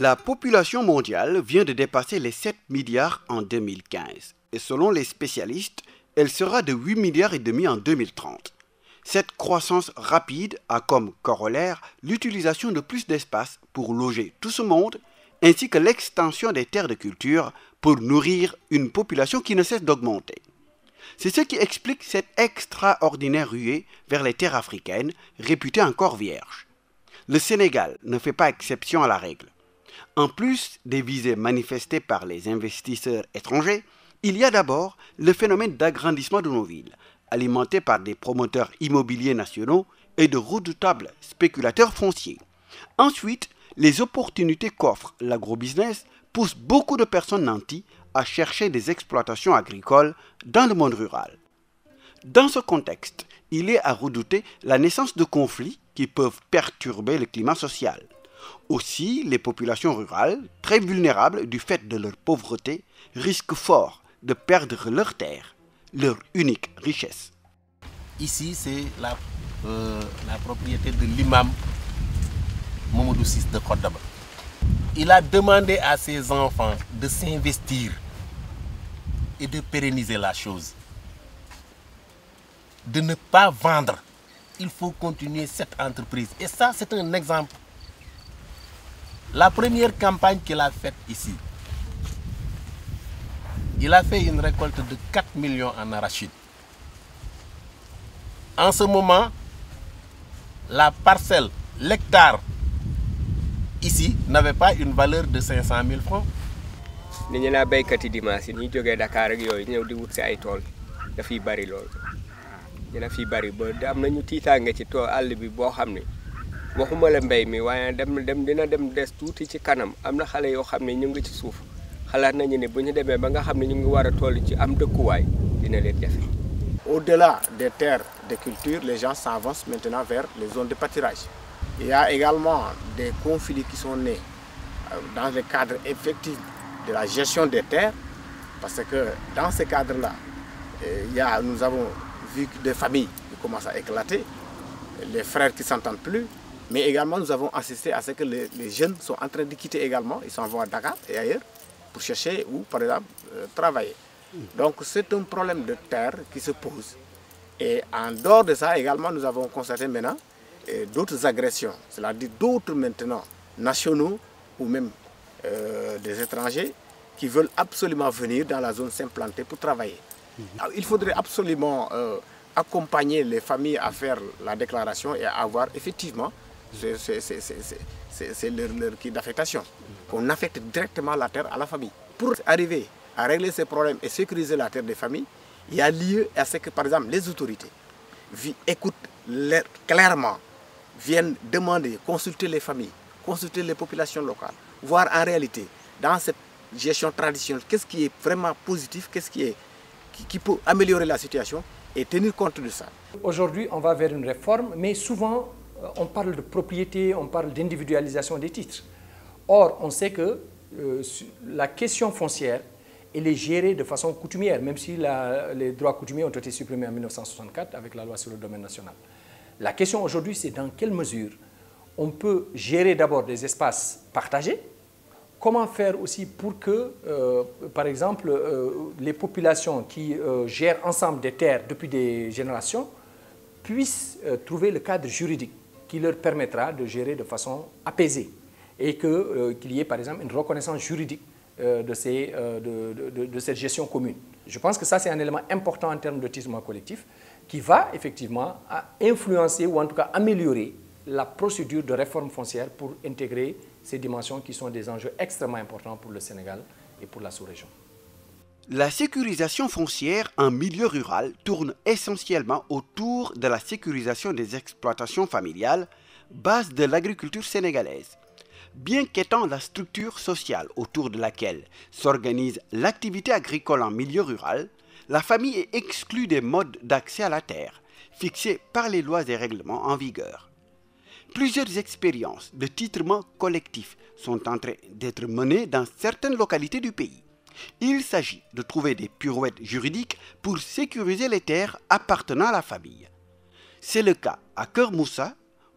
La population mondiale vient de dépasser les 7 milliards en 2015 et selon les spécialistes, elle sera de 8 milliards et demi en 2030. Cette croissance rapide a comme corollaire l'utilisation de plus d'espace pour loger tout ce monde, ainsi que l'extension des terres de culture pour nourrir une population qui ne cesse d'augmenter. C'est ce qui explique cette extraordinaire ruée vers les terres africaines, réputées encore vierges. Le Sénégal ne fait pas exception à la règle. En plus des visées manifestées par les investisseurs étrangers, il y a d'abord le phénomène d'agrandissement de nos villes, alimenté par des promoteurs immobiliers nationaux et de redoutables spéculateurs fonciers. Ensuite, les opportunités qu'offre l'agrobusiness poussent beaucoup de personnes nanties à chercher des exploitations agricoles dans le monde rural. Dans ce contexte, il est à redouter la naissance de conflits qui peuvent perturber le climat social. Aussi, les populations rurales, très vulnérables du fait de leur pauvreté, risquent fort de perdre leur terre, leur unique richesse. Ici, c'est la, euh, propriété de l'imam Momodou Sis de Kordaba. Il a demandé à ses enfants de s'investir et de pérenniser la chose. De ne pas vendre. Il faut continuer cette entreprise. Et ça, c'est un exemple la première campagne qu'il a faite ici, il a fait une récolte de 4 millions en arachide. En ce moment, la parcelle, l'hectare, ici, n'avait pas une valeur de 500 000 francs. Nous avons fait des dimanche, nous avons Dakar, nous avons fait des toiles, nous avons fait des toiles. Nous avons fait des toiles, nous avons fait des toiles, nous avons fait des toiles, au-delà des terres de culture, les gens s'avancent maintenant vers les zones de pâturage. Il y a également des conflits qui sont nés euh, dans le cadre effectif de la gestion des terres, parce que dans ce cadre-là, euh, nous avons vu que des familles qui commencent à éclater, les frères qui ne s'entendent plus, mais également, nous avons assisté à ce que les, jeunes sont en train de quitter également. Ils s'en vont à Dakar et ailleurs pour chercher ou, par exemple, euh, travailler. Donc, c'est un problème de terre qui se pose. Et en dehors de ça, également, nous avons constaté maintenant euh, d'autres agressions, Cela dit, d'autres maintenant nationaux ou même euh, des étrangers qui veulent absolument venir dans la zone s'implanter pour travailler. il faudrait absolument accompagner les familles à faire la déclaration et à avoir effectivement c'est leur, qui d'affectation. On affecte directement la terre à la famille. Pour arriver à régler ces problèmes et sécuriser la terre des familles, il y a lieu à ce que, par exemple, les autorités écoutent clairement, viennent demander, consulter les familles, consulter les populations locales, voir en réalité, dans cette gestion traditionnelle, qu'est-ce qui est vraiment positif, qu'est-ce qui, qui peut améliorer la situation et tenir compte de ça. Aujourd'hui, on va vers une réforme, mais souvent, on parle de propriété, on parle d'individualisation des titres. Or, on sait que euh, la question foncière, elle est gérée de façon coutumière, même si les droits coutumiers ont été supprimés en 1964 avec la loi sur le domaine national. La question aujourd'hui, c'est dans quelle mesure on peut gérer d'abord des espaces partagés, comment faire aussi pour que, euh, par exemple, euh, les populations qui gèrent ensemble des terres depuis des générations puissent trouver le cadre juridique qui leur permettra de gérer de façon apaisée et euh, qu'il y ait par exemple une reconnaissance juridique euh, de, ces, euh, de, cette gestion commune. Je pense que ça, c'est un élément important en termes de tissement collectif qui va effectivement influencer ou en tout cas améliorer la procédure de réforme foncière pour intégrer ces dimensions qui sont des enjeux extrêmement importants pour le Sénégal et pour la sous-région. La sécurisation foncière en milieu rural tourne essentiellement autour de la sécurisation des exploitations familiales, base de l'agriculture sénégalaise. Bien qu'étant la structure sociale autour de laquelle s'organise l'activité agricole en milieu rural, la famille est exclue des modes d'accès à la terre, fixés par les lois et règlements en vigueur. Plusieurs expériences de titrement collectif sont en train d'être menées dans certaines localités du pays. Il s'agit de trouver des pirouettes juridiques pour sécuriser les terres appartenant à la famille. C'est le cas à Kermoussa,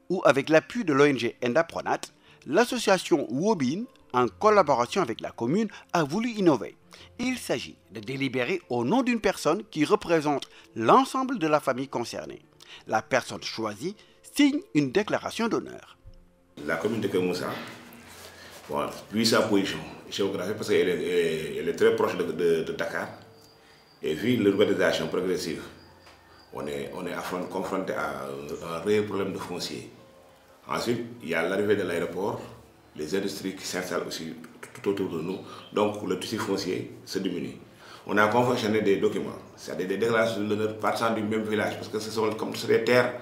où, avec l'appui de l'ONG Endapronat, l'association Wobin, en collaboration avec la commune, a voulu innover. Il s'agit de délibérer au nom d'une personne qui représente l'ensemble de la famille concernée. La personne choisie signe une déclaration d'honneur. La commune de Kermoussa, puis sa parce qu'elle euh, est, très proche de, Dakar. Et vu l'urbanisation progressive, on est, on est confronté à un, réel problème de foncier. Ensuite, il y a l'arrivée de l'aéroport, les industries qui s'installent aussi tout autour de nous. Donc le tissu foncier se diminue. On a conventionné des documents, c'est-à-dire des déclarations de partant du même village, parce que ce sont comme des terres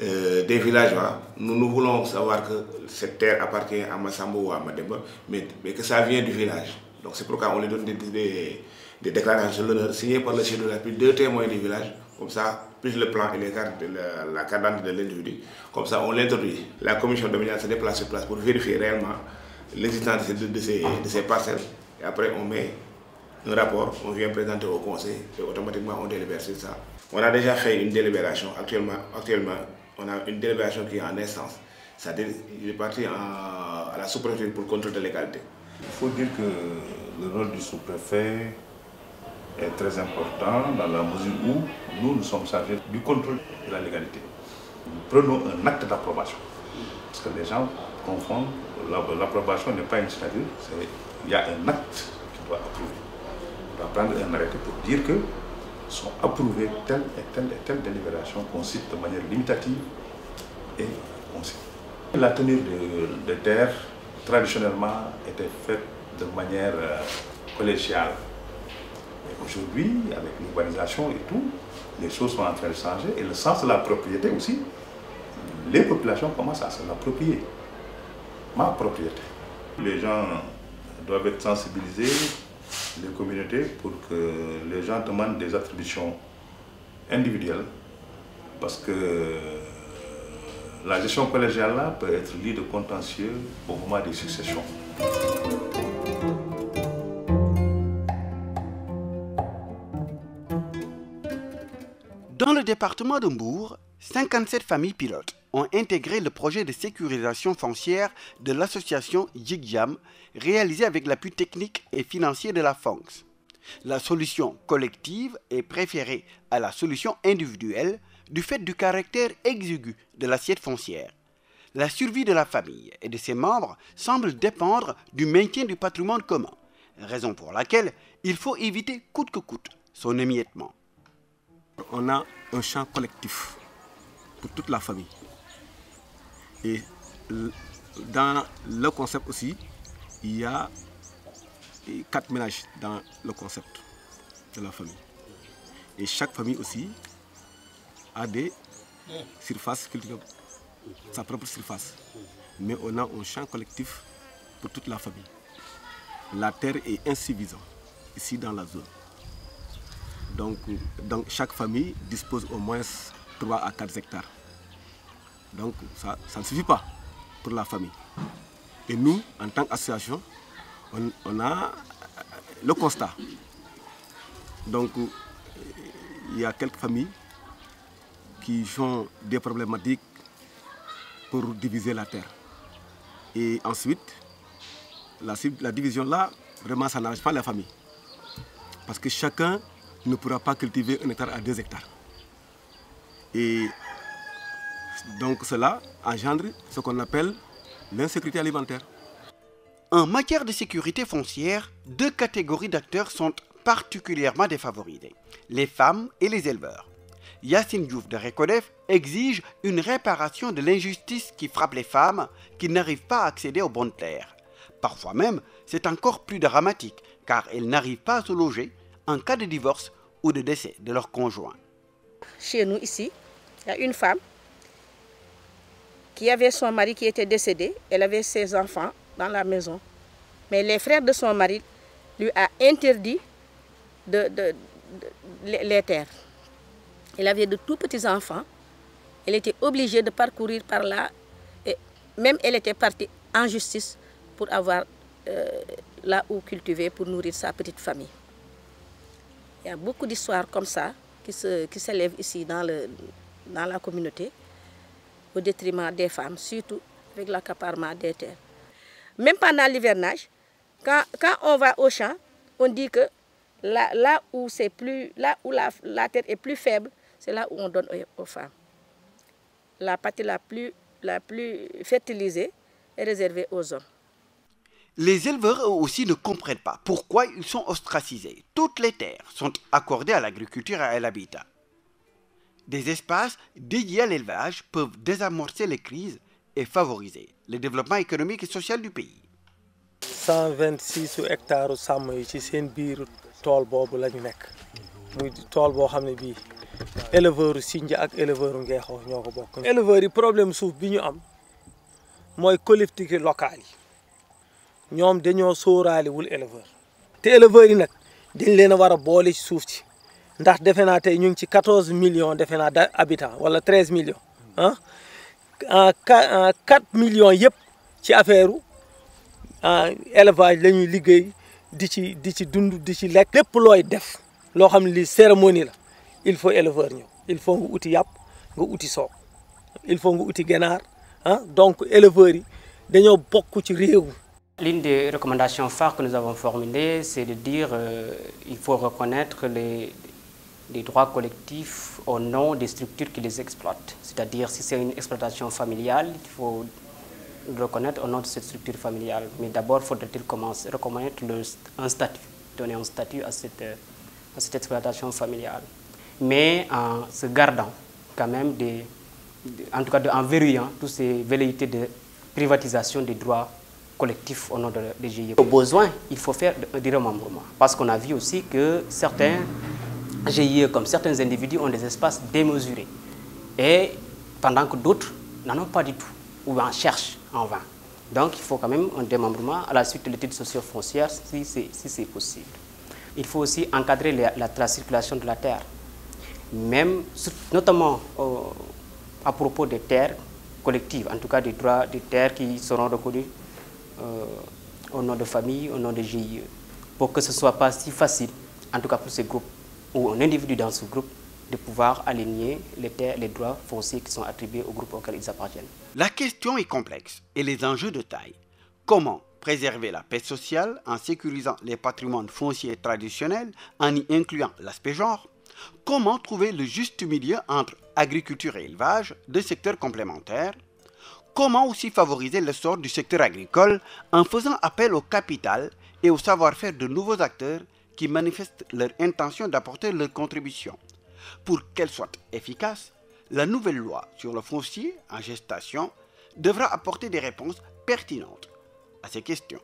euh, des villages, nous, nous voulons savoir que cette terre appartient à Massambo ou à Mademba, mais, que ça vient du village. Donc c'est pourquoi on lui donne des, des, déclarations de l'honneur signées par le chef de la ville, deux témoins du village, comme ça, plus le plan et les de la, cadence de l'individu, comme ça on l'introduit. La commission dominante se déplace sur place pour vérifier réellement l'existence de, ces, de ces parcelles, et après on met un rapport, on vient présenter au conseil, et automatiquement on délibère sur ça. On a déjà fait une délibération actuellement, actuellement on a une délégation qui est en essence, Ça, il est parti à la sous-préfecture pour le contrôle de légalité. Il faut dire que le rôle du sous-préfet est très important dans la mesure où nous, nous sommes chargés du contrôle de la légalité. Nous prenons un acte d'approbation. Parce que les gens confondent, l'approbation n'est pas une statue. il y a un acte qui doit approuver. On doit prendre un arrêté pour dire que sont approuvées telle et telle et telle délibération qu'on cite de manière limitative et La tenue de, de, terre, traditionnellement, était faite de manière euh, collégiale collégiale. Aujourd'hui, avec l'urbanisation et tout, les choses sont en train de changer et le sens de la propriété aussi, les populations commencent à se l'approprier. Ma propriété. Les gens doivent être sensibilisés les communautés pour que les gens demandent des attributions individuelles parce que euh, la gestion collégiale là peut être liée de contentieux au moment des successions. Dans le département de 57 familles pilotes ont intégré le projet de sécurisation foncière de l'association JIGJAM, réalisé avec l'appui technique et financier de la FONX. La solution collective est préférée à la solution individuelle du fait du caractère exigu de l'assiette foncière. La survie de la famille et de ses membres semble dépendre du maintien du patrimoine commun, raison pour laquelle il faut éviter coûte que coûte son émiettement. On a un champ collectif pour toute la famille. Et dans le concept aussi, il y a quatre ménages dans le concept de la famille. Et chaque famille aussi a des surfaces cultivables, sa propre surface. Mais on a un champ collectif pour toute la famille. La terre est insuffisante ici dans la zone. Donc, donc chaque famille dispose au moins 3 à 4 hectares. Donc ça, ça ne suffit pas pour la famille. Et nous, en tant qu'association, on, a euh, le constat. Donc, euh, il y a quelques familles qui ont des problématiques pour diviser la terre. Et ensuite, la, la division-là, vraiment, ça n'arrange pas la famille. Parce que chacun ne pourra pas cultiver un hectare à deux hectares. Et donc cela engendre ce qu'on appelle l'insécurité alimentaire. En matière de sécurité foncière, deux catégories d'acteurs sont particulièrement défavorisées, les femmes et les éleveurs. Yacine Diouf de Rekodef exige une réparation de l'injustice qui frappe les femmes qui n'arrivent pas à accéder aux bonnes terres. Parfois même, c'est encore plus dramatique car elles n'arrivent pas à se loger en cas de divorce ou de décès de leur conjoint. Chez nous ici, il y a une femme qui avait son mari qui était décédé. Elle avait ses enfants dans la maison. Mais les frères de son mari lui a interdit les terres. Elle avait de tout petits enfants. Elle était obligée de parcourir par là. Et même elle était partie en justice pour avoir euh, là où cultiver pour nourrir sa petite famille. Il y a beaucoup d'histoires comme ça qui s'élèvent qui ici dans, le, dans la communauté au détriment des femmes, surtout avec l'accaparement des terres. Même pendant l'hivernage, quand, on va au champ, on dit que là, là où, plus, là où la, terre est plus faible, c'est là où on donne aux, femmes. La partie la plus, la plus fertilisée est réservée aux hommes. Les éleveurs eux aussi ne comprennent pas pourquoi ils sont ostracisés. Toutes les terres sont accordées à l'agriculture et à l'habitat des espaces dédiés à l'élevage peuvent désamorcer les crises et favoriser le développement économique et social du pays. 126 hectares de yi ci seen biir tool boobu la ñu nekk muy tool boo xam ne éleveur Sindia ak éleveur Ngeexoo ñoo ko bokk. éleveurs yi problème suuf bi ñu am mooy collectivité locale yi dañoo sóoraale éleveur te éleveurs yi nag dañ leen ndax defe naa ñu ci 14 millions d'habitants, naa wala 13 millions hein? ah 4 ah, millions yëpp ci euh élevage lañuy liggéey di ci di ci dund di ci lek lepp loy def lo xamni cérémonie la il faut éleveur il faut nga outil yap nga outil so il faut nga outil genar ah hein? donc éleveur yi dañoo bokk ci réew L'une des recommandations phares que nous avons formulées, c'est de dire qu'il euh, faut reconnaître les, des droits collectifs au nom des structures qui les exploitent. C'est-à-dire, si c'est une exploitation familiale, il faut le reconnaître au nom de cette structure familiale. Mais d'abord, faudrait-il reconnaître un statut, donner un statut à cette, cette exploitation familiale. Mais en se gardant quand même, des, en tout cas en verrouillant toutes ces velléités de privatisation des droits collectifs au nom de, des GIE. Au besoin, il faut faire des remembrements. Parce qu'on a vu aussi que certains GIE, comme certains individus, ont des espaces démesurés. Et pendant que d'autres n'en ont pas du tout, ou en cherchent en vain. Donc il faut quand même un démembrement à la suite de l'étude socio-foncière, si c'est possible. Il faut aussi encadrer la, la, circulation de la terre, même, notamment euh, à propos des terres collectives, en tout cas des droits des terres qui seront reconnus euh, au nom de famille, au nom de GIE, pour que ce ne soit pas si facile, en tout cas pour ces groupes ou un individu dans ce groupe de pouvoir aligner les terres, les droits fonciers qui sont attribués au groupe auquel ils appartiennent. La question est complexe et les enjeux de taille. Comment préserver la paix sociale en sécurisant les patrimoines fonciers traditionnels en y incluant l'aspect genre Comment trouver le juste milieu entre agriculture et élevage, deux secteurs complémentaires Comment aussi favoriser le sort du secteur agricole en faisant appel au capital et au savoir-faire de nouveaux acteurs qui manifestent leur intention d'apporter leur contribution. Pour qu'elle soit efficace, la nouvelle loi sur le foncier en gestation devra apporter des réponses pertinentes à ces questions.